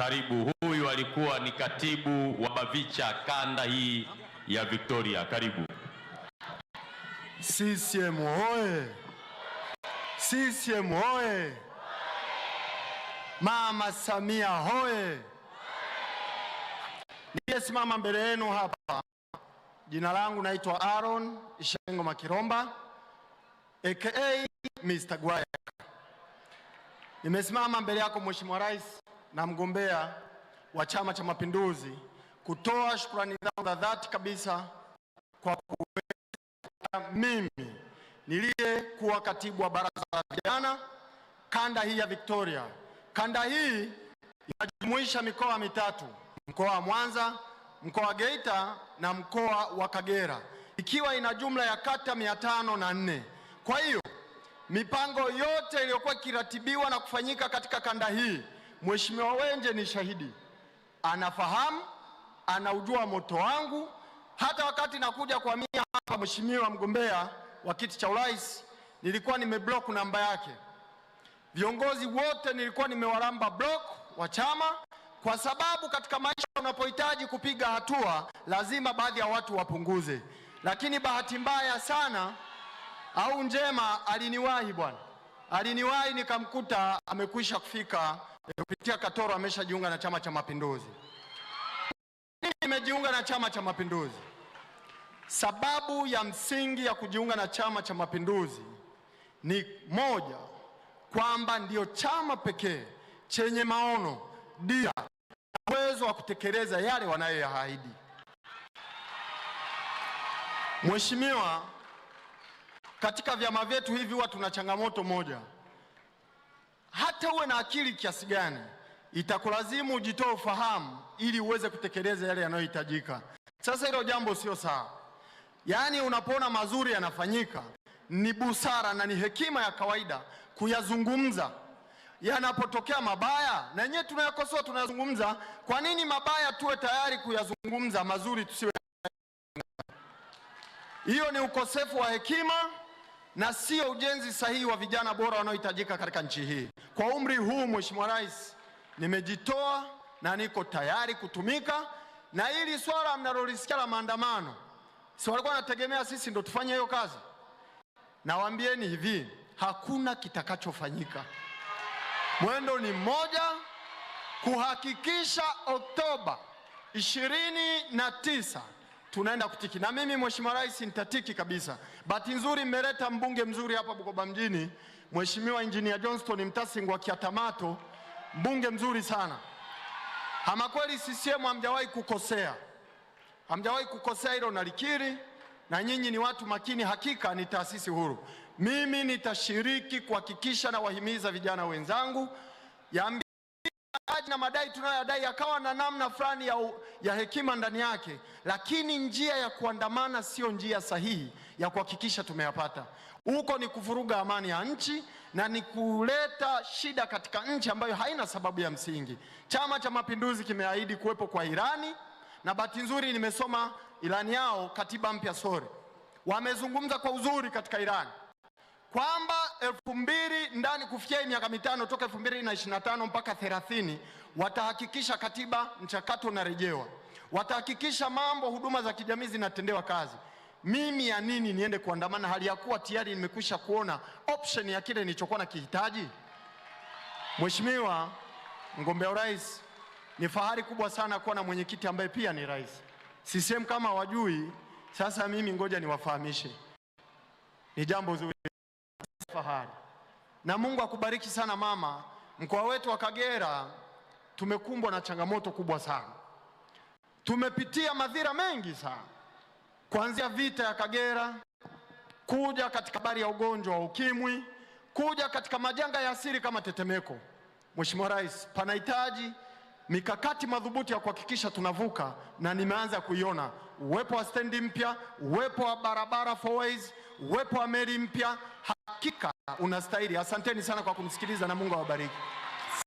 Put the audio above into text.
Karibu. Huyu alikuwa ni katibu wa BAVICHA kanda hii ya Victoria. Karibu. CCM oye! CCM oye! Mama Samia hoye! Niliyesimama mbele yenu hapa, jina langu naitwa Aaron Ishengo Makiromba aka Mr. Gwaya. Nimesimama mbele yako Mheshimiwa Rais na mgombea wa Chama cha Mapinduzi kutoa shukrani zangu za dhati kabisa kwa kuweza mimi niliyekuwa katibu wa baraza la vijana kanda hii ya Victoria. Kanda hii inajumuisha mikoa mitatu, mkoa wa Mwanza, mkoa wa Geita na mkoa wa Kagera, ikiwa ina jumla ya kata mia tano na nne. Kwa hiyo mipango yote iliyokuwa ikiratibiwa na kufanyika katika kanda hii Mheshimiwa Wenje ni shahidi, anafahamu, anaujua moto wangu. Hata wakati nakuja kuhamia hapa, mheshimiwa mgombea wa kiti cha urais, nilikuwa nimeblock namba yake. Viongozi wote nilikuwa nimewalamba block wa chama, kwa sababu katika maisha unapohitaji kupiga hatua lazima baadhi ya watu wapunguze, lakini bahati mbaya sana au njema, aliniwahi bwana, aliniwahi nikamkuta amekwisha kufika Kupitia Katoro ameshajiunga na Chama cha Mapinduzi. Nimejiunga na Chama cha Mapinduzi. Sababu ya msingi ya kujiunga na Chama cha Mapinduzi ni moja, kwamba ndiyo chama pekee chenye maono, dira na uwezo wa kutekeleza yale wanayoyaahidi. Mheshimiwa, katika vyama vyetu hivi huwa tuna changamoto moja hata uwe na akili kiasi gani, itakulazimu ujitoe ufahamu ili uweze kutekeleza yale yanayohitajika. Sasa hilo jambo sio sawa, yaani unapoona mazuri yanafanyika, ni busara na ni hekima ya kawaida kuyazungumza. Yanapotokea mabaya, na yenyewe tunayakosoa, tunayazungumza. Kwa nini mabaya tuwe tayari kuyazungumza, mazuri tusiwe? Hiyo ni ukosefu wa hekima na sio ujenzi sahihi wa vijana bora wanaohitajika katika nchi hii. Kwa umri huu Mheshimiwa Rais, nimejitoa na niko tayari kutumika, na hili swala mnalolisikia la maandamano, si walikuwa wanategemea sisi ndo tufanye hiyo kazi? Nawaambieni hivi, hakuna kitakachofanyika. Mwendo ni mmoja, kuhakikisha Oktoba ishirini na tisa tunaenda kutiki. Na mimi Mheshimiwa Rais nitatiki kabisa. Bahati nzuri mmeleta mbunge mzuri hapa Bukoba mjini Mheshimiwa Injinia Johnston Mtasingwa Kiatamato, mbunge mzuri sana. Ama kweli CCM hamjawahi kukosea, hamjawahi kukosea, hilo nalikiri, na nyinyi ni watu makini. Hakika ni taasisi huru. Mimi nitashiriki kuhakikisha na wahimiza vijana wenzangu ya na madai tunayoyadai yakawa na namna fulani ya, ya hekima ndani yake, lakini njia ya kuandamana sio njia sahihi ya kuhakikisha tumeyapata. Huko ni kuvuruga amani ya nchi na ni kuleta shida katika nchi ambayo haina sababu ya msingi. Chama cha Mapinduzi kimeahidi kuwepo kwa irani, na bahati nzuri nimesoma irani yao, katiba mpya sore, wamezungumza kwa uzuri katika irani kwamba elfu mbili ndani kufikia miaka mitano toka elfu mbili na ishirini na tano mpaka thelathini watahakikisha katiba mchakato unarejewa, watahakikisha mambo huduma za kijamii zinatendewa kazi mimi ya nini niende kuandamana hali ya kuwa tayari nimekwisha kuona option ya kile nilichokuwa na kihitaji? Mheshimiwa mgombea urais, ni fahari kubwa sana kuwa na mwenyekiti ambaye pia ni rais. CCM kama wajui sasa mimi ngoja niwafahamishe, ni jambo zuri, fahari. Na Mungu akubariki sana mama. Mkoa wetu wa Kagera tumekumbwa na changamoto kubwa sana, tumepitia madhira mengi sana kuanzia vita ya Kagera kuja katika habari ya ugonjwa wa ukimwi kuja katika majanga ya asili kama tetemeko. Mheshimiwa Rais, panahitaji mikakati madhubuti ya kuhakikisha tunavuka, na nimeanza kuiona uwepo wa stendi mpya, uwepo wa barabara four ways, uwepo wa meli mpya. Hakika unastahili. Asanteni sana kwa kumsikiliza na Mungu awabariki.